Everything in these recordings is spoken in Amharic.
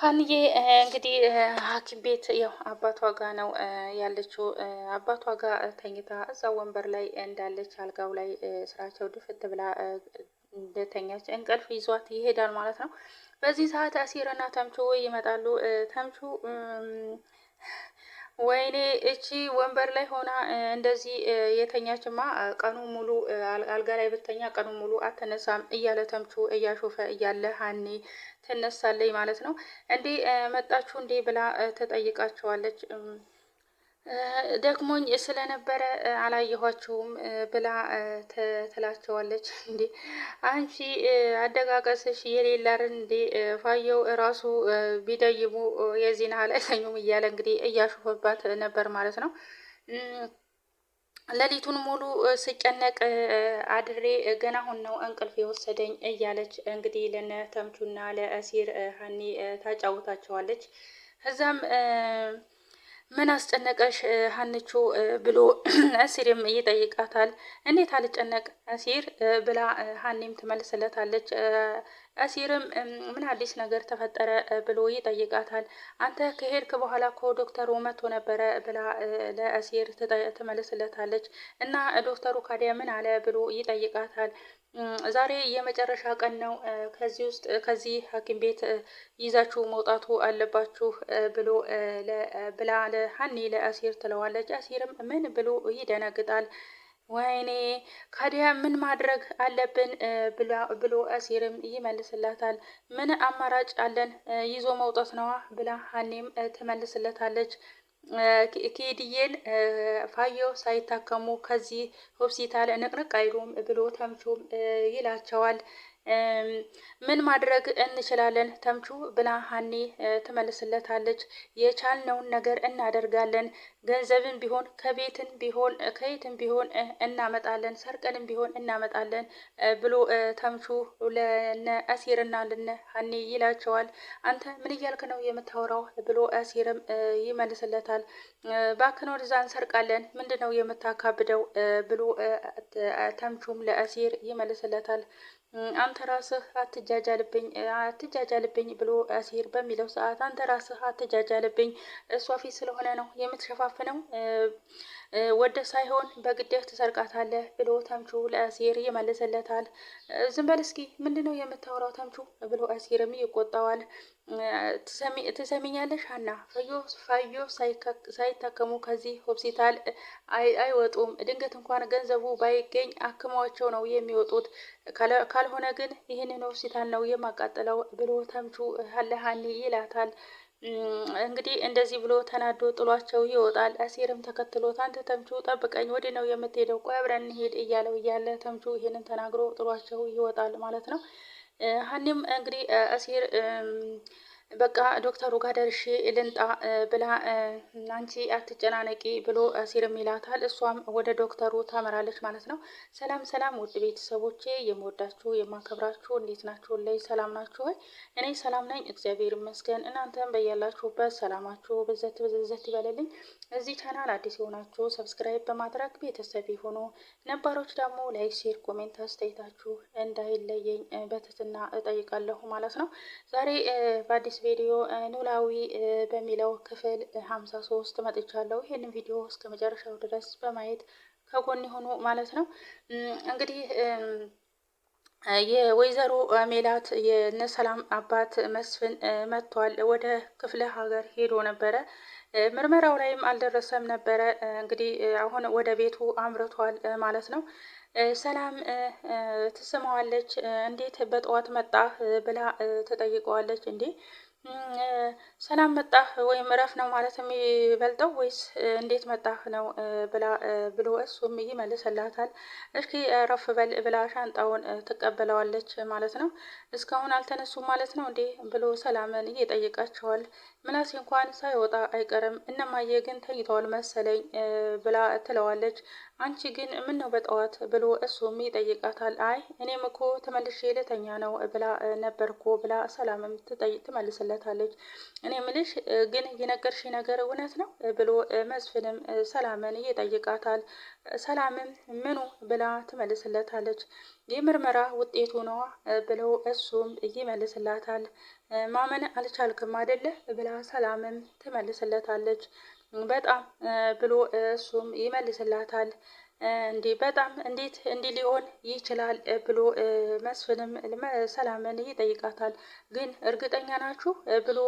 ሀንዬ እንግዲህ ሐኪም ቤት ያው አባቷ ጋ ነው ያለችው። አባቷ ጋ ተኝታ እዛ ወንበር ላይ እንዳለች አልጋው ላይ ስራቸው ድፍት ብላ እንደተኛች እንቅልፍ ይዟት ይሄዳል ማለት ነው። በዚህ ሰዓት አሲርና ተምቹ ይመጣሉ። ተምቹ ወይኔ እቺ ወንበር ላይ ሆና እንደዚህ የተኛችማ ቀኑ ሙሉ አልጋ ላይ ብተኛ ቀኑ ሙሉ አትነሳም እያለ ተምቹ እያሾፈ እያለ ሀኒ ትነሳለኝ ማለት ነው። እንዴ መጣችሁ እንዴ ብላ ትጠይቃቸዋለች። ደክሞኝ ስለነበረ አላየኋችሁም ብላ ትላቸዋለች። እንዴ አንቺ አደጋቀስሽ የሌላር እንዴ ፋየው እራሱ ቢደይሙ የዚህን ያህል እያለ እንግዲህ እያሾፈባት ነበር ማለት ነው። ሌሊቱን ሙሉ ስጨነቅ አድሬ ገና አሁን ነው እንቅልፍ የወሰደኝ እያለች እንግዲህ ለነ ተምቹና ለእሲር ሀኒ ታጫውታቸዋለች እዛም ምን አስጨነቀሽ ሀንቹ ብሎ እሲርም ይጠይቃታል። እንዴት አልጨነቅ እሲር ብላ ሀኒም ትመልስለታለች። እሲርም ምን አዲስ ነገር ተፈጠረ ብሎ ይጠይቃታል። አንተ ከሄድክ በኋላ እኮ ዶክተሩ መጥቶ ነበረ ብላ ለእሲር ትመልስለታለች። እና ዶክተሩ ካዲያ ምን አለ ብሎ ይጠይቃታል። ዛሬ የመጨረሻ ቀን ነው። ከዚህ ውስጥ ከዚህ ሐኪም ቤት ይዛችሁ መውጣቱ አለባችሁ ብሎ ብላ ለሀኒ ለአሲር ትለዋለች። አሲርም ምን ብሎ ይደነግጣል። ወይኔ ካዲያ ምን ማድረግ አለብን ብሎ አሲርም ይመልስላታል። ምን አማራጭ አለን? ይዞ መውጣት ነዋ ብላ ሀኒም ትመልስለታለች። ኬድዬን ፋየው ሳይታከሙ ከዚህ ሆስፒታል ንቅንቅ አይሉም ብሎ ተምቹም ይላቸዋል። ምን ማድረግ እንችላለን ተምቹ ብላ ሀኒ ትመልስለታለች። የቻልነውን ነገር እናደርጋለን። ገንዘብን ቢሆን ከቤትን ቢሆን ከየትን ቢሆን እናመጣለን፣ ሰርቀንም ቢሆን እናመጣለን ብሎ ተምቹ ለነ አሲርና ለነ ሀኒ ይላቸዋል። አንተ ምን እያልክ ነው የምታወራው? ብሎ አሲርም ይመልስለታል። ባክን ወደዛ እንሰርቃለን፣ ምንድን ነው የምታካብደው? ብሎ ተምቹም ለአሲር ይመልስለታል። አንተ ራስህ አትጃጃልብኝ አትጃጃልብኝ ብሎ አሲር በሚለው ሰዓት አንተ ራስህ አትጃጃልብኝ፣ እሷ ፊት ስለሆነ ነው የምትሸፋፍነው፣ ወደ ሳይሆን በግደህ ትሰርቃታለህ ብሎ ተምቹ ለአሲር ይመልስለታል። ዝም በል እስኪ ምንድን ነው የምታወራው ተምቹ ብሎ አሲርም ይቆጣዋል። ትሰሚኛለሽ ሀና፣ ፈዮ ሳይታከሙ ከዚህ ሆስፒታል አይወጡም። ድንገት እንኳን ገንዘቡ ባይገኝ አክማቸው ነው የሚወጡት። ካልሆነ ግን ይህንን ሆስፒታል ነው የማቃጠለው ብሎ ተምቹ ለሀኒ ይላታል። እንግዲህ እንደዚህ ብሎ ተናዶ ጥሏቸው ይወጣል። አሴርም ተከትሎት አንተ ተምቹ ጠብቀኝ፣ ወዴት ነው የምትሄደው? ቆይ አብረን እንሄድ እያለው እያለ ተምቹ ይህንን ተናግሮ ጥሏቸው ይወጣል ማለት ነው። ሀኒም እንግዲህ አሲር በቃ ዶክተሩ ጋር ደርሼ ልንጣ ብላ እናንቺ አትጨናነቂ ብሎ ሲርም ይላታል። እሷም ወደ ዶክተሩ ታመራለች ማለት ነው። ሰላም ሰላም፣ ውድ ቤተሰቦቼ የምወዳችሁ የማከብራችሁ፣ እንዴት ናችሁ? ላይ ሰላም ናችሁ ወይ? እኔ ሰላም ነኝ እግዚአብሔር ይመስገን። እናንተም በያላችሁበት ሰላማችሁ ብዘት ብዝዘት ይበለልኝ። እዚህ ቻናል አዲስ የሆናችሁ ሰብስክራይብ በማድረግ ቤተሰብ የሆኑ ነባሮች ደግሞ ላይክ፣ ሼር፣ ኮሜንት አስተያየታችሁ እንዳይለየኝ በትህትና እጠይቃለሁ ማለት ነው። ዛሬ በአዲስ አዲስ ቪዲዮ ኖላዊ በሚለው ክፍል ሀምሳ ሶስት መጥቻለሁ። ይህንን ቪዲዮ እስከ መጨረሻው ድረስ በማየት ከጎን የሆኑ ማለት ነው እንግዲህ የወይዘሮ ሜላት የነሰላም አባት መስፍን መጥቷል። ወደ ክፍለ ሀገር ሄዶ ነበረ። ምርመራው ላይም አልደረሰም ነበረ። እንግዲህ አሁን ወደ ቤቱ አምርቷል ማለት ነው። ሰላም ትስማዋለች። እንዴት በጠዋት መጣ ብላ ትጠይቀዋለች። እንዴ 嗯呃。ሰላም መጣህ ወይም እረፍ ነው ማለት የሚበልጠው ወይስ እንዴት መጣህ ነው ብሎ እሱም ይመልስላታል። እስኪ እረፍ በል ብላ ሻንጣውን ትቀበለዋለች ማለት ነው። እስካሁን አልተነሱም ማለት ነው እንዴ ብሎ ሰላምን እየጠየቃቸዋል ምናሴ እንኳን ሳይወጣ አይቀርም እነማየ ግን ተኝተዋል መሰለኝ ብላ ትለዋለች። አንቺ ግን ምን ነው በጠዋት ብሎ እሱም ይጠይቃታል። አይ እኔም እኮ ተመልሼ ልተኛ ነው ብላ ነበርኮ ብላ ሰላምም ትመልስለታለች። እኔ ምልሽ ግን የነገርሽ ነገር እውነት ነው ብሎ መስፍንም ሰላምን እየጠይቃታል። ሰላምም ምኑ ብላ ትመልስለታለች። የምርመራ ውጤቱ ነዋ ብለው እሱም ይመልስላታል። ማመን አልቻልክም አይደለ ብላ ሰላምም ትመልስለታለች። በጣም ብሎ እሱም ይመልስላታል። እንዴ በጣም እንዴት እንዲህ ሊሆን ይችላል ብሎ መስፍንም ሰላምን ይጠይቃታል። ግን እርግጠኛ ናችሁ ብሎ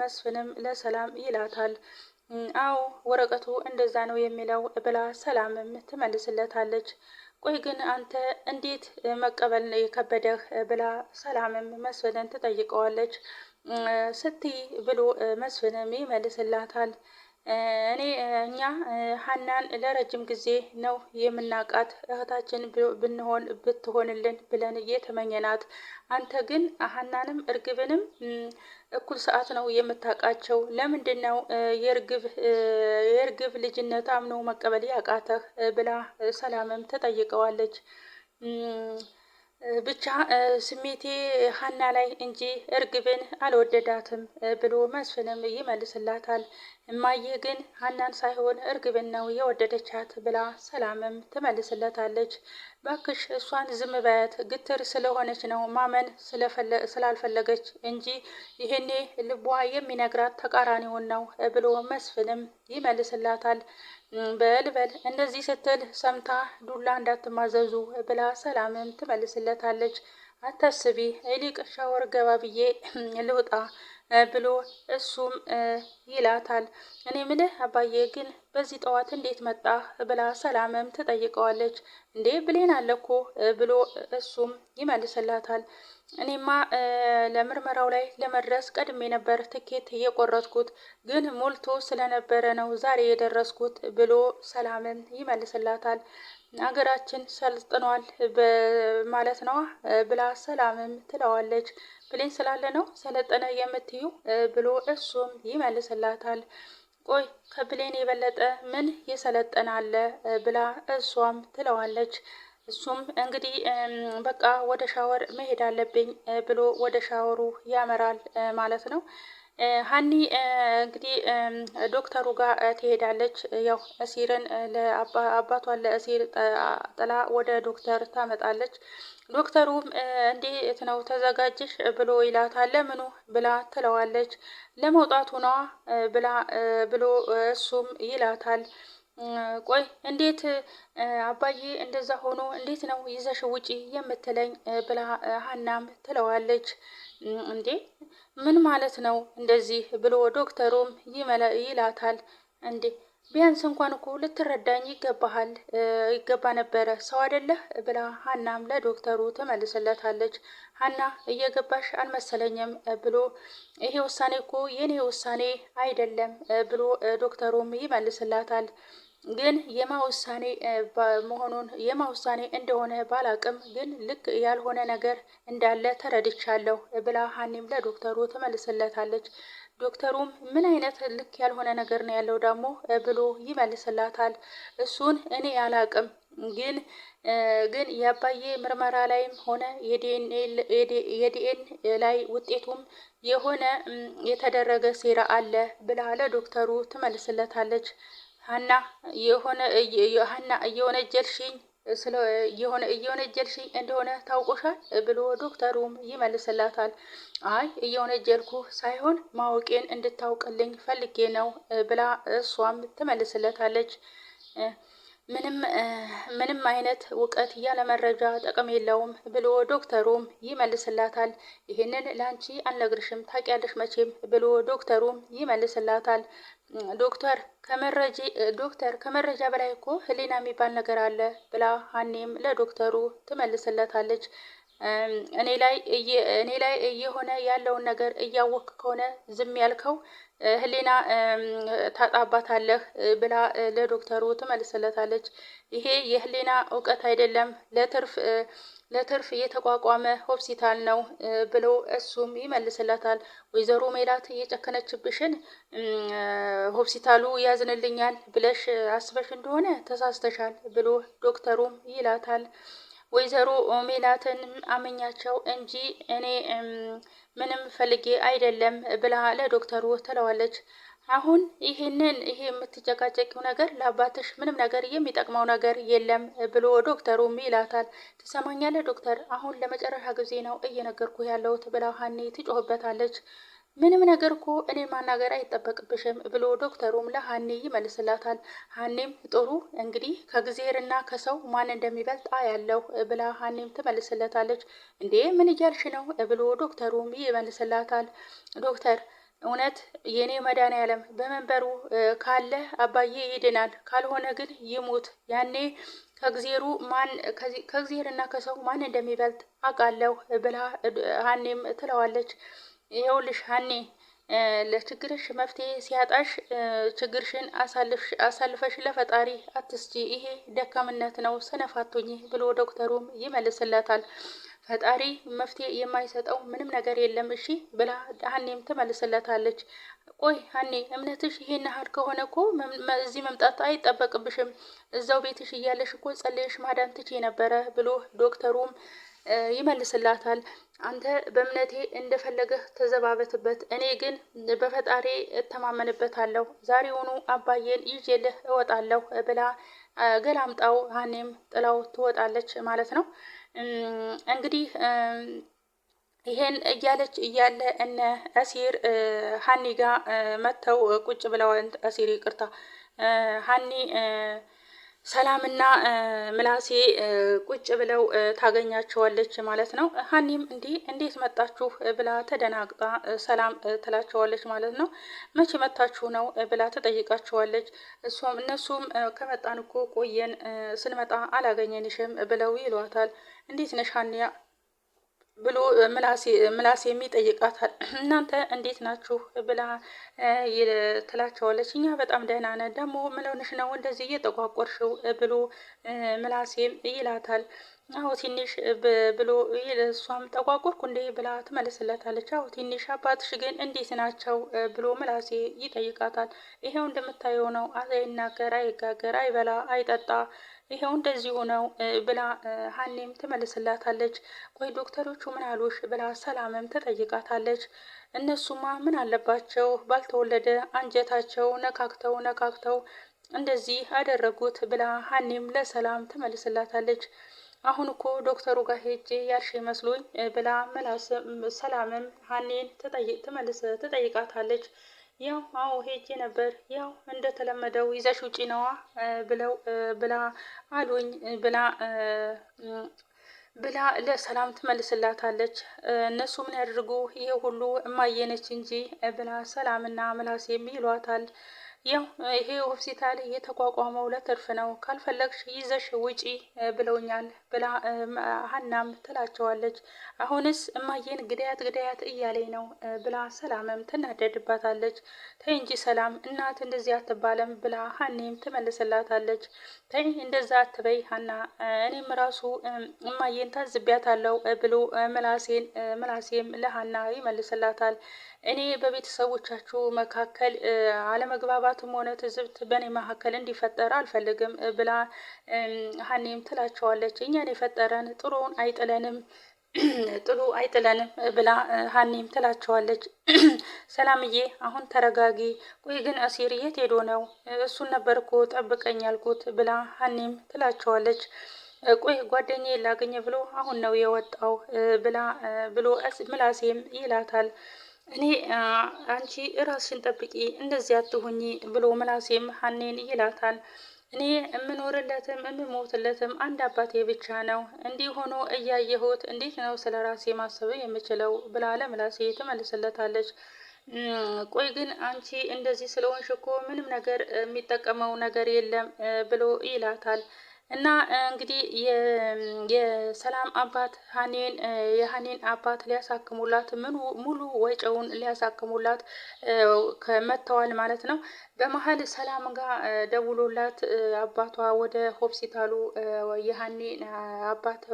መስፍንም ለሰላም ይላታል። አዎ ወረቀቱ እንደዛ ነው የሚለው ብላ ሰላምም ትመልስለታለች። ቆይ ግን አንተ እንዴት መቀበል የከበደህ ብላ ሰላምም መስፍንን ትጠይቀዋለች። ስትይ ብሎ መስፍንም ይመልስላታል። እኔ እኛ ሀናን ለረጅም ጊዜ ነው የምናቃት እህታችን ብንሆን ብትሆንልን ብለን እየተመኘናት አንተ ግን ሀናንም እርግብንም እኩል ሰዓት ነው የምታውቃቸው። ለምንድን ነው የእርግብ ልጅነት አምኖ መቀበል ያቃተህ ብላ ሰላምም ትጠይቀዋለች። ብቻ ስሜቴ ሀና ላይ እንጂ እርግብን አልወደዳትም ብሎ መስፍንም ይመልስላታል። እማዬ ግን ሀናን ሳይሆን እርግብን ነው የወደደቻት ብላ ሰላምም ትመልስለታለች። ባክሽ እሷን ዝም በያት፣ ግትር ስለሆነች ነው ማመን ስላልፈለገች እንጂ ይህኔ ልቧ የሚነግራት ተቃራኒውን ነው ብሎ መስፍንም ይመልስላታል። በል በል እንደዚህ ስትል ሰምታ ዱላ እንዳትማዘዙ ብላ ሰላምም ትመልስለታለች። አታስቢ ሊቅ ሻወር ገባ ብዬ ልውጣ ብሎ እሱም ይላታል። እኔ ምልህ አባዬ ግን በዚህ ጠዋት እንዴት መጣ ብላ ሰላምም ትጠይቀዋለች። እንዴ ብሌን አለኮ ብሎ እሱም ይመልስላታል። እኔማ ለምርመራው ላይ ለመድረስ ቀድሜ ነበር ትኬት የቆረጥኩት፣ ግን ሞልቶ ስለነበረ ነው ዛሬ የደረስኩት ብሎ ሰላምን ይመልስላታል። አገራችን ሰልጥኗል ማለት ነዋ ብላ ሰላምም ትለዋለች። ብሌን ስላለ ነው ሰለጠነ የምትዩ ብሎ እሱም ይመልስላታል። ቆይ ከብሌን የበለጠ ምን አለ ብላ እሷም ትለዋለች። እሱም እንግዲህ በቃ ወደ ሻወር መሄድ አለብኝ ብሎ ወደ ሻወሩ ያመራል ማለት ነው። ሀኒ እንግዲህ ዶክተሩ ጋር ትሄዳለች። ያው እሲርን አባቷን ለእሲር ጥላ ወደ ዶክተር ታመጣለች። ዶክተሩም እንዴት ነው ተዘጋጅሽ ብሎ ይላታል። ለምኑ ብላ ትለዋለች። ለመውጣቱ ነዋ ብላ ብሎ እሱም ይላታል። ቆይ እንዴት አባዬ እንደዛ ሆኖ እንዴት ነው ይዘሽ ውጪ የምትለኝ ብላ ሀናም ትለዋለች። እንዴ ምን ማለት ነው እንደዚህ ብሎ ዶክተሩም ይላታል። እንዴ ቢያንስ እንኳን እኮ ልትረዳኝ ይገባሃል ይገባ ነበረ ሰው አይደለህ ብላ ሀናም ለዶክተሩ ትመልስለታለች። ሀና እየገባሽ አልመሰለኝም ብሎ ይሄ ውሳኔ እኮ የኔ ውሳኔ አይደለም ብሎ ዶክተሩም ይመልስላታል። ግን የማ ውሳኔ መሆኑን የማ ውሳኔ እንደሆነ ባላቅም ግን ልክ ያልሆነ ነገር እንዳለ ተረድቻለሁ ብላ ሀኒም ለዶክተሩ ትመልስለታለች። ዶክተሩም ምን አይነት ልክ ያልሆነ ነገር ነው ያለው ደግሞ ብሎ ይመልስላታል። እሱን እኔ አላቅም ግን ግን የአባዬ ምርመራ ላይም ሆነ የዲኤን ላይ ውጤቱም የሆነ የተደረገ ሴራ አለ ብላ ለዶክተሩ ትመልስለታለች። ሀና የሆነ ሀና እየወነጀልሽኝ ስለ የሆነ እየወነጀልሽኝ እንደሆነ ታውቆሻል ብሎ ዶክተሩም ይመልስላታል። አይ እየወነጀልኩ ሳይሆን ማወቄን እንድታውቅልኝ ፈልጌ ነው ብላ እሷም ትመልስለታለች። ምንም ምንም አይነት እውቀት ያለ መረጃ ጥቅም የለውም ብሎ ዶክተሩም ይመልስላታል። ይህንን ለአንቺ አልነግርሽም ታውቂያለሽ መቼም ብሎ ዶክተሩም ይመልስላታል። ዶክተር ከመረጂ ዶክተር ከመረጃ በላይ እኮ ህሊና የሚባል ነገር አለ ብላ ሀኔም ለዶክተሩ ትመልስለታለች። እኔ ላይ እኔ ላይ እየሆነ ያለውን ነገር እያወቅ ከሆነ ዝም ያልከው ህሊና ታጣባታለህ ብላ ለዶክተሩ ትመልስለታለች። ይሄ የህሊና እውቀት አይደለም፣ ለትርፍ ለትርፍ የተቋቋመ ሆስፒታል ነው ብሎ እሱም ይመልስላታል። ወይዘሮ ሜላት እየጨከነችብሽን ሆስፒታሉ ያዝንልኛል ብለሽ አስበሽ እንደሆነ ተሳስተሻል ብሎ ዶክተሩም ይላታል። ወይዘሮ ሜላትን አመኛቸው እንጂ እኔ ምንም ፈልጌ አይደለም ብላ ለዶክተሩ ትለዋለች። አሁን ይህንን ይሄ የምትጨቃጨቂው ነገር ለአባትሽ ምንም ነገር የሚጠቅመው ነገር የለም ብሎ ዶክተሩም ይላታል። ትሰማኛለህ ዶክተር፣ አሁን ለመጨረሻ ጊዜ ነው እየነገርኩ ያለሁት ብላ ሀኔ ትጮህበታለች። ምንም ነገር እኮ እኔ ማናገር አይጠበቅብሽም ብሎ ዶክተሩም ለሀኔ ይመልስላታል። ሀኔም ጥሩ እንግዲህ ከጊዜርና ከሰው ማን እንደሚበልጥ አያለሁ ብላ ሀኔም ትመልስለታለች። እንዴ ምን እያልሽ ነው ብሎ ዶክተሩም ይመልስላታል። ዶክተር እውነት የኔ ያለም በመንበሩ ካለ አባዬ ይድናል፣ ካልሆነ ግን ይሙት። ያኔ ከእግዜሩ ማን ከእግዜርና ከሰው ማን እንደሚበልጥ አውቃለሁ ብላ ሀኔም ትለዋለች። ይኸውልሽ ሀኔ ለችግርሽ መፍትሄ ሲያጣሽ ችግርሽን አሳልፈሽ ለፈጣሪ አትስጪ፣ ይሄ ደካምነት ነው፣ ሰነፍ ብሎ ዶክተሩም ይመልስላታል። ፈጣሪ መፍትሄ የማይሰጠው ምንም ነገር የለም እሺ ብላ ሀኔም ትመልስለታለች። ቆይ ሀኔ እምነትሽ ይሄን ያህል ከሆነ እኮ እዚህ መምጣት አይጠበቅብሽም። እዛው ቤትሽ እያለሽ እኮ ጸልየሽ ማዳን ትቼ ነበረ ብሎ ዶክተሩም ይመልስላታል። አንተ በእምነቴ እንደፈለገህ ተዘባበትበት፣ እኔ ግን በፈጣሪ እተማመንበታለሁ። ዛሬውኑ አባዬን ይዤልህ እወጣለሁ ብላ ገላምጣው ሀኔም ጥላው ትወጣለች ማለት ነው። እንግዲህ ይሄን እያለች እያለ እነ አሲር ሀኒ ጋ መጥተው ቁጭ ብለዋል። አሲር ይቅርታ ሀኒ ሰላምና ምላሴ ቁጭ ብለው ታገኛቸዋለች ማለት ነው። ሀኒም እንዲህ እንዴት መጣችሁ ብላ ተደናግጣ ሰላም ትላቸዋለች ማለት ነው። መቼ መጣችሁ ነው ብላ ትጠይቃቸዋለች። እሷም እነሱም ከመጣን እኮ ቆየን፣ ስንመጣ አላገኘንሽም ብለው ይሏታል። እንዴት ነሽ ሀኒያ ብሎ ምላሴም ይጠይቃታል። እናንተ እንዴት ናችሁ ብላ ትላቸዋለች። እኛ በጣም ደህና ነን፣ ደግሞ ምን ሆነሽ ነው እንደዚህ እየጠቋቆርሽው ብሎ ምላሴም ይላታል። አዎ ትንሽ ብሎ እሷም ጠቋቆርኩ እንዴ ብላ ትመልስለታለች። አዎ ትንሽ አባትሽ ግን እንዴት ናቸው ብሎ ምላሴ ይጠይቃታል። ይሄው እንደምታየው ነው። አይናገር፣ አይጋገር፣ አይበላ፣ አይጠጣ ይሄው እንደዚሁ ነው ብላ ሀኔም ትመልስላታለች። ቆይ ዶክተሮቹ ምን አሉሽ ብላ ሰላምም ትጠይቃታለች። እነሱማ ምን አለባቸው ባልተወለደ አንጀታቸው ነካክተው ነካክተው እንደዚህ አደረጉት ብላ ሀኔም ለሰላም ትመልስላታለች። አሁን እኮ ዶክተሩ ጋር ሄጄ ያልሽ ይመስሉኝ ብላ ሰላምም ሀኔን ትጠይቃታለች። ያው አዎ ሄጄ ነበር ያው እንደተለመደው ይዘሽ ውጪ ነዋ ብለው ብላ አሉኝ ብላ ብላ ለሰላም ትመልስላታለች። እነሱ ምን ያድርጉ ይሄ ሁሉ እማየነች እንጂ ብላ ሰላምና ምላሴም ይሏታል። ያው ይሄ ሆስፒታል የተቋቋመው ለትርፍ ነው፣ ካልፈለግሽ ይዘሽ ውጪ ብለውኛል ብላ ሀናም ትላቸዋለች። አሁንስ እማዬን ግዳያት ግዳያት እያለኝ ነው ብላ ሰላምም ትናደድባታለች። ተይ እንጂ ሰላም እናት እንደዚህ አትባለም ብላ ሀኔም ትመልስላታለች። ተይ እንደዛ አትበይ ሀና፣ እኔም ራሱ እማዬን ታዝቢያታለው ብሎ ምላሴን ምላሴም ለሀና ይመልስላታል። እኔ በቤተሰቦቻችሁ መካከል አለመግባባትም ሆነ ትዝብት በእኔ መካከል እንዲፈጠር አልፈልግም ብላ ሀኔም ትላቸዋለች። እኛን የፈጠረን ጥሩውን አይጥለንም ጥሉ አይጥለንም ብላ ሀኔም ትላቸዋለች። ሰላምዬ አሁን ተረጋጊ። ቆይ ግን አሲር የት ሄዶ ነው? እሱን ነበር እኮ ጠብቀኝ ያልኩት ብላ ሀኔም ትላቸዋለች። ቆይ ጓደኛ ላገኘ ብሎ አሁን ነው የወጣው ብላ ብሎ ምላሴም ይላታል። እኔ አንቺ ራስሽን ጠብቂ እንደዚህ አትሁኚ ብሎ ምናሴም ሀኔን ይላታል። እኔ የምኖርለትም የምሞትለትም አንድ አባቴ ብቻ ነው። እንዲህ ሆኖ እያየሁት እንዴት ነው ስለ ራሴ ማሰብ የምችለው? ብላ ለምናሴ ትመልስለታለች። ቆይ ግን አንቺ እንደዚህ ስለሆንሽ እኮ ምንም ነገር የሚጠቀመው ነገር የለም ብሎ ይላታል። እና እንግዲህ የሰላም አባት ሀኔን የሀኔን አባት ሊያሳክሙላት ሙሉ ወጪውን ሊያሳክሙላት መጥተዋል ማለት ነው። በመሀል ሰላም ጋር ደውሎላት አባቷ ወደ ሆስፒታሉ የሀኔ አባት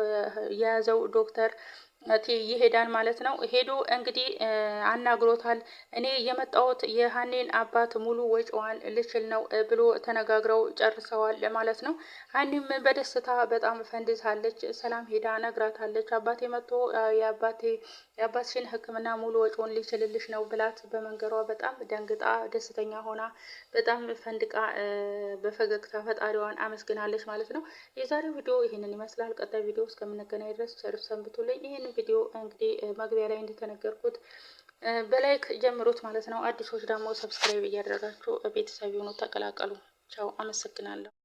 የያዘው ዶክተር ይሄዳል ማለት ነው። ሄዶ እንግዲህ አናግሮታል። እኔ የመጣሁት የሀኔን አባት ሙሉ ወጪዋን ልችል ነው ብሎ ተነጋግረው ጨርሰዋል ማለት ነው። ሀኒም በደስታ በጣም ፈንድታለች። ሰላም ሄዳ ነግራታለች። አባቴ መጥቶ የአባቴ የአባትሽን ሕክምና ሙሉ ወጪውን ሊችልልሽ ነው ብላት በመንገሯ በጣም ደንግጣ ደስተኛ ሆና በጣም ፈንድቃ በፈገግታ ፈጣሪዋን አመስግናለች ማለት ነው። የዛሬው ቪዲዮ ይህንን ይመስላል። ቀጣይ ቪዲዮ እስከምንገናኝ ድረስ ቸር ሰንብቱልኝ። ይህን ቪዲዮ እንግዲህ መግቢያ ላይ እንደተነገርኩት በላይክ ጀምሩት ማለት ነው። አዲሶች ደግሞ ሰብስክራይብ እያደረጋችሁ ቤተሰብ የሆኑ ተቀላቀሉ። ቻው፣ አመሰግናለሁ።